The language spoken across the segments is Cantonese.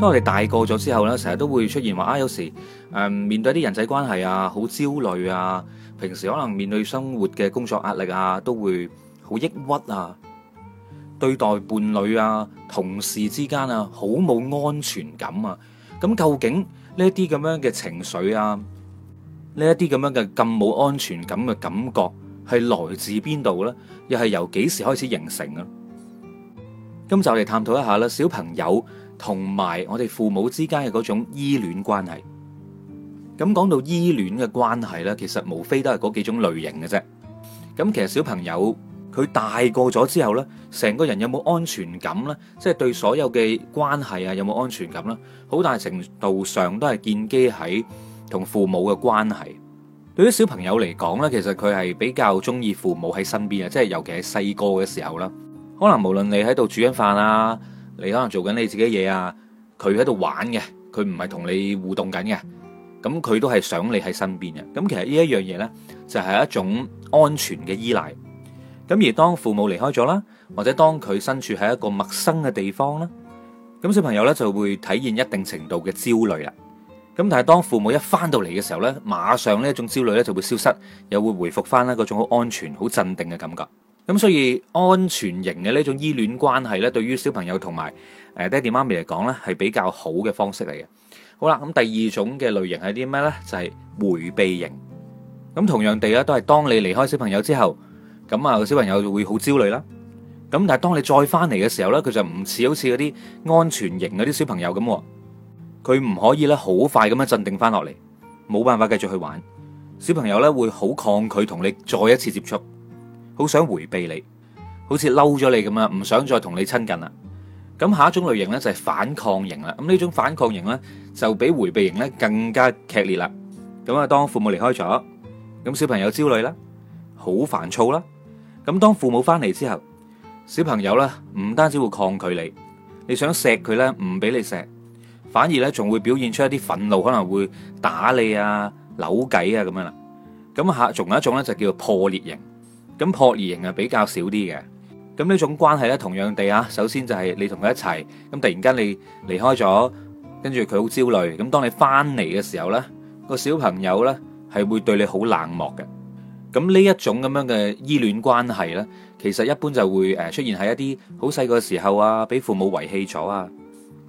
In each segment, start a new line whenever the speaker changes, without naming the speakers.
當我哋大個咗之後咧，成日都會出現話啊，有時誒、呃、面對啲人際關係啊，好焦慮啊。平時可能面對生活嘅工作壓力啊，都會好抑鬱啊。對待伴侶啊、同事之間啊，好冇安全感啊。咁究竟呢一啲咁樣嘅情緒啊，呢一啲咁樣嘅咁冇安全感嘅感覺係來自邊度呢？又係由幾時開始形成啊？咁就嚟探討一下啦，小朋友。同埋我哋父母之間嘅嗰種依戀關係，咁講到依戀嘅關係呢，其實無非都係嗰幾種類型嘅啫。咁其實小朋友佢大過咗之後呢，成個人有冇安全感呢，即係對所有嘅關係啊有冇安全感呢，好大程度上都係建基喺同父母嘅關係。對於小朋友嚟講呢，其實佢係比較中意父母喺身邊啊，即係尤其係細個嘅時候啦。可能無論你喺度煮緊飯啊。你可能做緊你自己嘢啊，佢喺度玩嘅，佢唔係同你互動緊嘅，咁佢都係想你喺身邊嘅。咁其實呢一樣嘢呢，就係一種安全嘅依賴。咁而當父母離開咗啦，或者當佢身處喺一個陌生嘅地方啦，咁小朋友呢就會體現一定程度嘅焦慮啦。咁但係當父母一翻到嚟嘅時候呢，馬上呢一種焦慮呢就會消失，又會回復翻嗰種好安全、好鎮定嘅感覺。咁所以安全型嘅呢種依戀關係呢，對於小朋友同埋誒爹地媽咪嚟講呢係比較好嘅方式嚟嘅。好啦，咁第二種嘅類型係啲咩呢？就係回避型。咁同樣地咧，都係當你離開小朋友之後，咁啊個小朋友就會好焦慮啦。咁但係當你再翻嚟嘅時候呢，佢就唔似好似嗰啲安全型嗰啲小朋友咁，佢唔可以呢，好快咁樣鎮定翻落嚟，冇辦法繼續去玩。小朋友呢，會好抗拒同你再一次接觸。好想回避你，好似嬲咗你咁啊，唔想再同你親近啦。咁下一種類型咧就係反抗型啦。咁呢種反抗型咧就比回避型咧更加劇烈啦。咁啊，當父母離開咗，咁小朋友焦慮啦，好煩躁啦。咁當父母翻嚟之後，小朋友咧唔單止會抗拒你，你想錫佢咧唔俾你錫，反而咧仲會表現出一啲憤怒，可能會打你啊、扭計啊咁樣啦。咁下仲有一種咧就叫做破裂型。咁破裂型係比較少啲嘅。咁呢種關係咧，同樣地啊，首先就係你同佢一齊，咁突然間你離開咗，跟住佢好焦慮。咁當你翻嚟嘅時候咧，呢個小朋友咧係會對你好冷漠嘅。咁呢一種咁樣嘅依戀關係咧，其實一般就會誒出現喺一啲好細個時候啊，俾父母遺棄咗啊，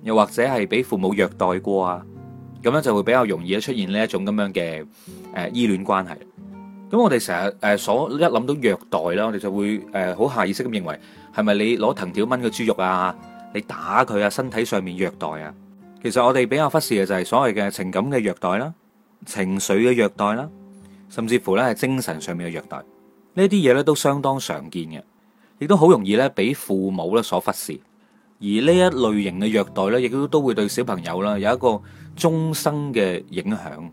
又或者係俾父母虐待過啊，咁樣就會比較容易咧出現呢一種咁樣嘅誒依戀關係。咁我哋成日誒所一諗到虐待啦，我哋就會誒好、呃、下意識咁認為係咪你攞藤條炆個豬肉啊？你打佢啊，身體上面虐待啊？其實我哋比較忽視嘅就係所謂嘅情感嘅虐待啦、情緒嘅虐待啦，甚至乎呢係精神上面嘅虐待，呢啲嘢呢都相當常見嘅，亦都好容易咧俾父母咧所忽視，而呢一類型嘅虐待呢，亦都都會對小朋友啦有一個終生嘅影響。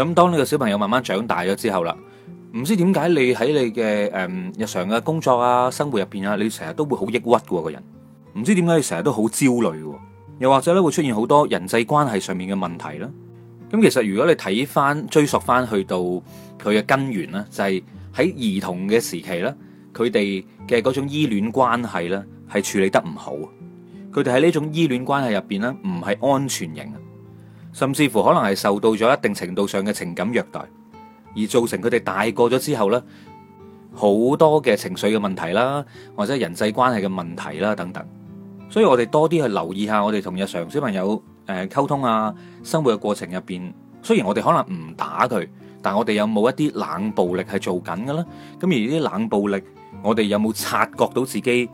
咁當呢個小朋友慢慢長大咗之後啦，唔知點解你喺你嘅誒、嗯、日常嘅工作啊、生活入邊啊，你成日都會好抑鬱嘅個人，唔知點解你成日都好焦慮、啊，又或者咧會出現好多人際關係上面嘅問題啦。咁其實如果你睇翻追溯翻去到佢嘅根源咧，就係、是、喺兒童嘅時期咧，佢哋嘅嗰種依戀關係咧係處理得唔好，佢哋喺呢種依戀關係入邊咧唔係安全型。甚至乎可能係受到咗一定程度上嘅情感虐待，而造成佢哋大個咗之後咧，好多嘅情緒嘅問題啦，或者人際關係嘅問題啦等等。所以我哋多啲去留意下，我哋同日常小朋友誒溝通啊，生活嘅過程入邊，雖然我哋可能唔打佢，但我哋有冇一啲冷暴力係做緊嘅咧？咁而呢啲冷暴力，我哋有冇察覺到自己，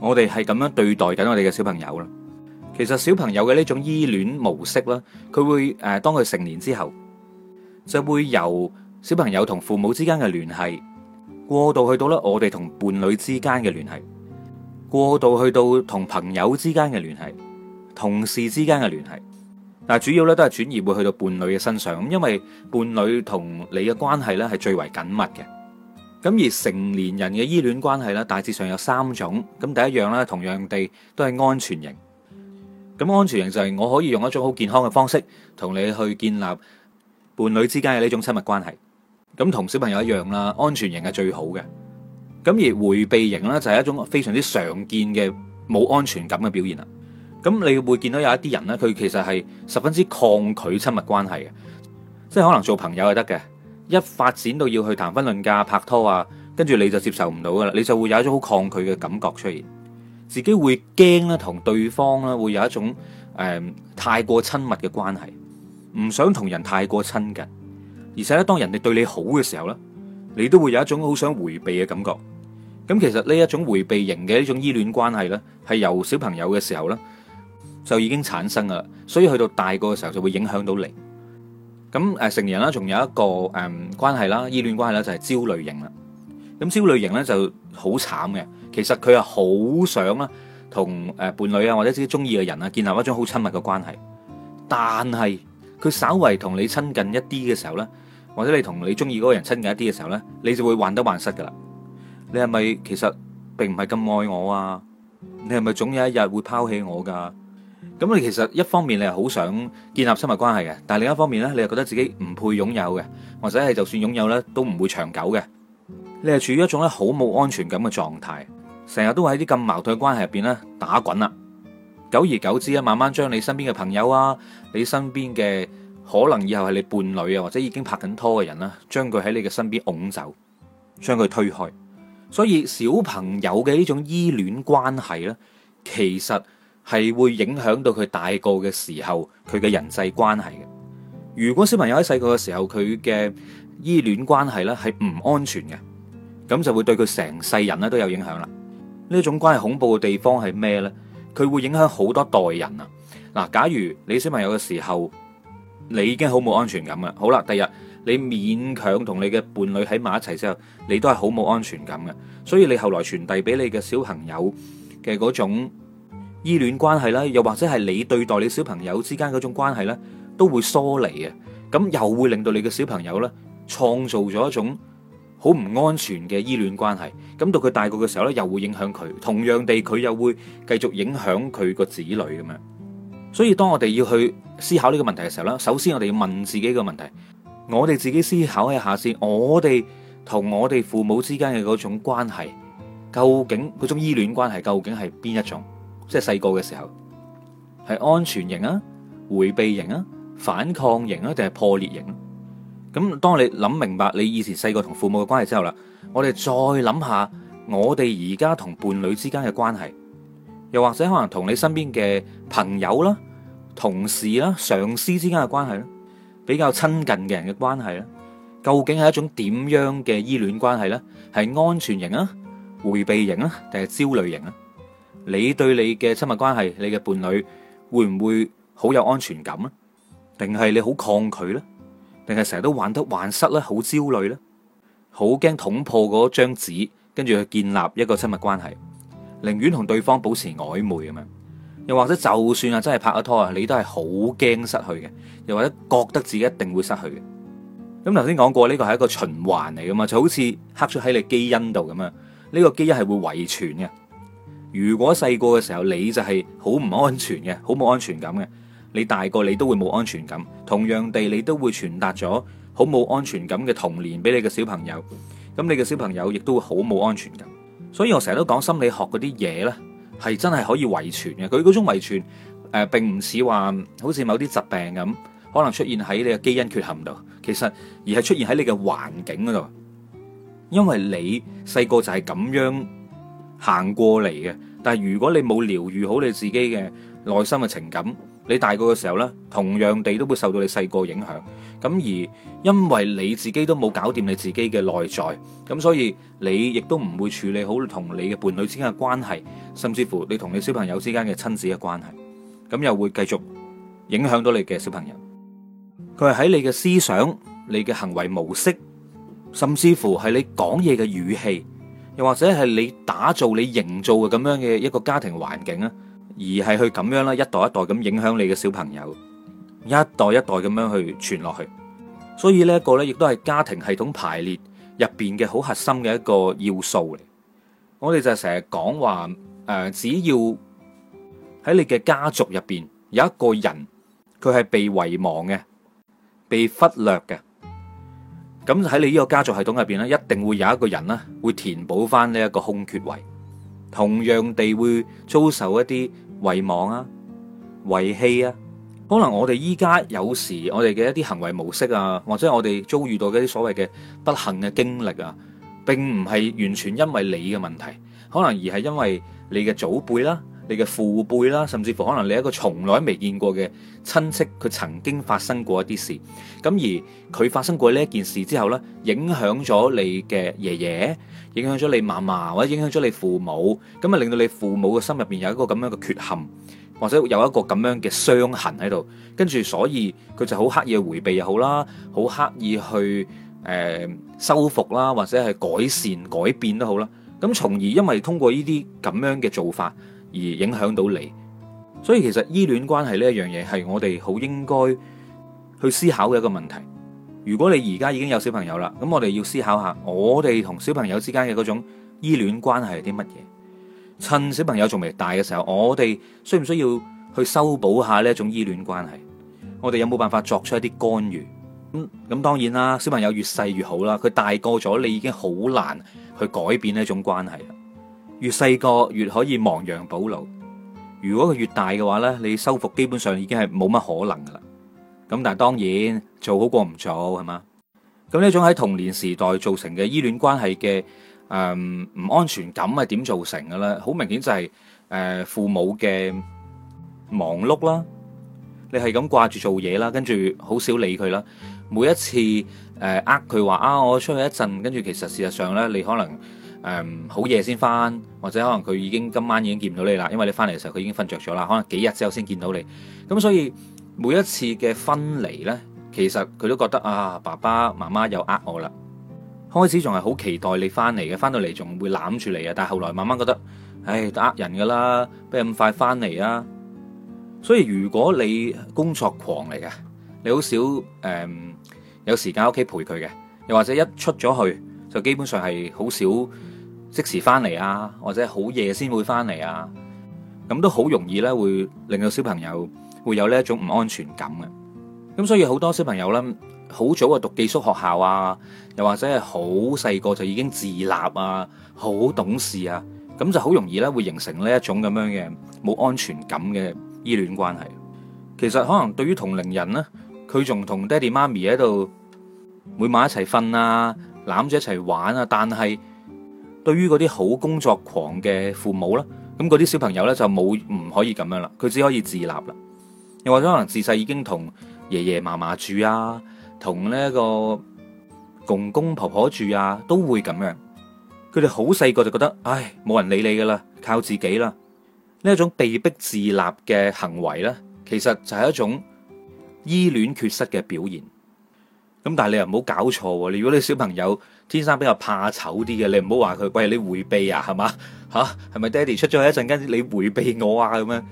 我哋係咁樣對待緊我哋嘅小朋友咧？其實小朋友嘅呢種依戀模式啦，佢會誒、呃，當佢成年之後，就會由小朋友同父母之間嘅聯繫，過渡去到咧我哋同伴侶之間嘅聯繫，過渡去到同朋友之間嘅聯繫，同事之間嘅聯繫，但係主要咧都係轉移會去到伴侶嘅身上，咁因為伴侶同你嘅關係咧係最為緊密嘅，咁而成年人嘅依戀關係咧大致上有三種，咁第一樣咧同樣地都係安全型。咁安全型就係我可以用一種好健康嘅方式同你去建立伴侶之間嘅呢種親密關係。咁同小朋友一樣啦，安全型係最好嘅。咁而迴避型呢，就係一種非常之常見嘅冇安全感嘅表現啦。咁你會見到有一啲人呢，佢其實係十分之抗拒親密關係嘅，即係可能做朋友係得嘅，一發展到要去談婚論嫁，拍拖啊，跟住你就接受唔到噶啦，你就會有一種好抗拒嘅感覺出現。自己會驚啦，同對方啦會有一種誒、呃、太過親密嘅關係，唔想同人太過親近。而且咧，當人哋對你好嘅時候咧，你都會有一種好想回避嘅感覺。咁、嗯、其實呢一種回避型嘅呢種依戀關係咧，係由小朋友嘅時候咧就已經產生噶啦，所以去到大個嘅時候就會影響到你。咁、嗯、誒，成年人啦，仲有一個誒、呃、關係啦，依戀關係啦，就係焦慮型啦。咁焦慮型咧就好慘嘅，其實佢係好想啦，同誒伴侶啊或者自己中意嘅人啊建立一種好親密嘅關係，但係佢稍為同你親近一啲嘅時候咧，或者你同你中意嗰個人親近一啲嘅時候咧，你就會患得患失噶啦。你係咪其實並唔係咁愛我啊？你係咪總有一日會拋棄我噶？咁你其實一方面你係好想建立親密關係嘅，但係另一方面咧，你係覺得自己唔配擁有嘅，或者係就算擁有咧都唔會長久嘅。你係處於一種咧好冇安全感嘅狀態，成日都會喺啲咁矛盾嘅關係入邊咧打滾啦。久而久之咧，慢慢將你身邊嘅朋友啊，你身邊嘅可能以後係你伴侶啊，或者已經拍緊拖嘅人啦，將佢喺你嘅身邊拱走，將佢推開。所以小朋友嘅呢種依戀關係咧，其實係會影響到佢大個嘅時候佢嘅人際關係嘅。如果小朋友喺細個嘅時候佢嘅依戀關係咧係唔安全嘅。咁就會對佢成世人咧都有影響啦。呢一種關係恐怖嘅地方係咩呢？佢會影響好多代人啊！嗱，假如你小朋友嘅時候，你已經好冇安全感嘅，好啦，第日你勉強同你嘅伴侶喺埋一齊之後，你都係好冇安全感嘅。所以你後來傳遞俾你嘅小朋友嘅嗰種依戀關係咧，又或者係你對待你小朋友之間嗰種關係呢，都會疏離啊。咁又會令到你嘅小朋友呢，創造咗一種。好唔安全嘅依戀關係，咁到佢大個嘅時候呢，又會影響佢，同樣地佢又會繼續影響佢個子女咁樣。所以當我哋要去思考呢個問題嘅時候咧，首先我哋要問自己個問題，我哋自己思考一下先，我哋同我哋父母之間嘅嗰種關係，究竟嗰種依戀關係究竟係邊一種？即係細個嘅時候，係安全型啊、回避型啊、反抗型啊，定係破裂型？咁當你諗明白你以前細個同父母嘅關係之後啦，我哋再諗下我哋而家同伴侶之間嘅關係，又或者可能同你身邊嘅朋友啦、同事啦、上司之間嘅關係啦，比較親近嘅人嘅關係咧，究竟係一種點樣嘅依戀關係咧？係安全型啊、回避型啊，定係焦慮型啊？你對你嘅親密關係、你嘅伴侶會唔會好有安全感啊？定係你好抗拒咧？定係成日都患得患失咧？好焦慮咧，好驚捅破嗰張紙，跟住去建立一個親密關係，寧願同對方保持曖昧咁樣，又或者就算啊真係拍咗拖啊，你都係好驚失去嘅，又或者覺得自己一定會失去嘅。咁頭先講過呢個係一個循環嚟噶嘛，就好似刻咗喺你基因度咁樣，呢個基因係會遺傳嘅。如果細個嘅時候你就係好唔安全嘅，好冇安全感嘅。你大個你都會冇安全感，同樣地你都會傳達咗好冇安全感嘅童年俾你嘅小朋友，咁你嘅小朋友亦都會好冇安全感。所以我成日都講，心理學嗰啲嘢呢，係真係可以遺傳嘅。佢嗰種遺傳誒，並唔似話好似某啲疾病咁，可能出現喺你嘅基因缺陷度，其實而係出現喺你嘅環境嗰度。因為你細個就係咁樣行過嚟嘅，但係如果你冇療愈好你自己嘅內心嘅情感。你大個嘅時候呢，同樣地都會受到你細個影響。咁而因為你自己都冇搞掂你自己嘅內在，咁所以你亦都唔會處理好同你嘅伴侶之間嘅關係，甚至乎你同你小朋友之間嘅親子嘅關係，咁又會繼續影響到你嘅小朋友。佢係喺你嘅思想、你嘅行為模式，甚至乎係你講嘢嘅語氣，又或者係你打造、你營造嘅咁樣嘅一個家庭環境啊。而係去咁樣啦，一代一代咁影響你嘅小朋友，一代一代咁樣去傳落去。所以呢一個咧，亦都係家庭系統排列入邊嘅好核心嘅一個要素嚟。我哋就成日講話，誒、呃，只要喺你嘅家族入邊有一個人，佢係被遺忘嘅、被忽略嘅，咁喺你呢個家族系統入邊咧，一定會有一個人咧會填補翻呢一個空缺位，同樣地會遭受一啲。遺忘啊，遺棄啊，可能我哋依家有時我哋嘅一啲行為模式啊，或者我哋遭遇到嘅啲所謂嘅不幸嘅經歷啊，並唔係完全因為你嘅問題，可能而係因為你嘅祖輩啦、啊，你嘅父輩啦，甚至乎可能你一個從來未見過嘅親戚，佢曾經發生過一啲事咁，而佢發生過呢一件事之後呢，影響咗你嘅爺爺，影響咗你嫲嫲，或者影響咗你父母，咁啊，令到你父母嘅心入邊有一個咁樣嘅缺陷，或者有一個咁樣嘅傷痕喺度，跟住所以佢就好刻意回避又好啦，好刻意去誒修復啦，或者係改善改變都好啦。咁從而因為通過呢啲咁樣嘅做法，而影響到你，所以其實依戀關係呢一樣嘢係我哋好應該去思考嘅一個問題。如果你而家已經有小朋友啦，咁我哋要思考下，我哋同小朋友之間嘅嗰種依戀關係係啲乜嘢？趁小朋友仲未大嘅時候，我哋需唔需要去修補下呢一種依戀關係？我哋有冇辦法作出一啲干預？咁咁當然啦，小朋友越細越好啦。佢大個咗，你已經好難去改變呢一種關係啦。越細個越可以亡羊補牢，如果佢越大嘅話咧，你修復基本上已經係冇乜可能噶啦。咁但係當然做好過唔做係嘛？咁呢一種喺童年時代造成嘅依戀關係嘅誒唔安全感係點造成嘅咧？好明顯就係誒呃，父母嘅忙碌啦，你係咁掛住做嘢啦，跟住好少理佢啦。每一次誒呃佢話啊，我出去一陣，跟住其實事實上咧，你可能。誒好夜先翻，或者可能佢已經今晚已經見唔到你啦，因為你翻嚟嘅時候佢已經瞓着咗啦。可能幾日之後先見到你，咁所以每一次嘅分離呢，其實佢都覺得啊，爸爸媽媽又呃我啦。開始仲係好期待你翻嚟嘅，翻到嚟仲會攬住你啊，但係後來慢慢覺得，唉、哎，呃人㗎啦，邊有咁快翻嚟啊？所以如果你工作狂嚟嘅，你好少誒、嗯、有時間喺屋企陪佢嘅，又或者一出咗去就基本上係好少。即時翻嚟啊，或者好夜先會翻嚟啊，咁都好容易呢，會令到小朋友會有呢一種唔安全感嘅。咁所以好多小朋友呢，好早啊讀寄宿學校啊，又或者係好細個就已經自立啊，好懂事啊，咁就好容易呢，會形成呢一種咁樣嘅冇安全感嘅依戀關係。其實可能對於同齡人呢，佢仲同爹地媽咪喺度每晚一齊瞓啊，攬住一齊玩啊，但係。對於嗰啲好工作狂嘅父母啦，咁嗰啲小朋友咧就冇唔可以咁樣啦，佢只可以自立啦。又或者可能自細已經同爺爺嫲嫲住啊，同呢一個公公婆婆住啊，都會咁樣。佢哋好細個就覺得，唉，冇人理你噶啦，靠自己啦。呢一種被逼自立嘅行為咧，其實就係一種依戀缺失嘅表現。咁但係你又唔好搞錯喎，你如果你小朋友，天生比較怕醜啲嘅，你唔好話佢，喂，你迴避啊，係嘛？吓、啊？係咪？爹哋出咗去一陣間，你迴避我啊咁樣？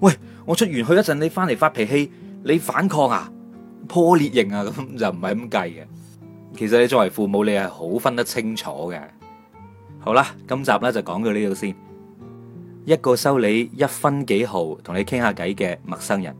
喂，我出完去一陣，你翻嚟發脾氣，你反抗啊？破裂型啊？咁就唔係咁計嘅。其實你作為父母，你係好分得清楚嘅。好啦，今集咧就講到呢度先。一個收你一分幾毫同你傾下偈嘅陌生人。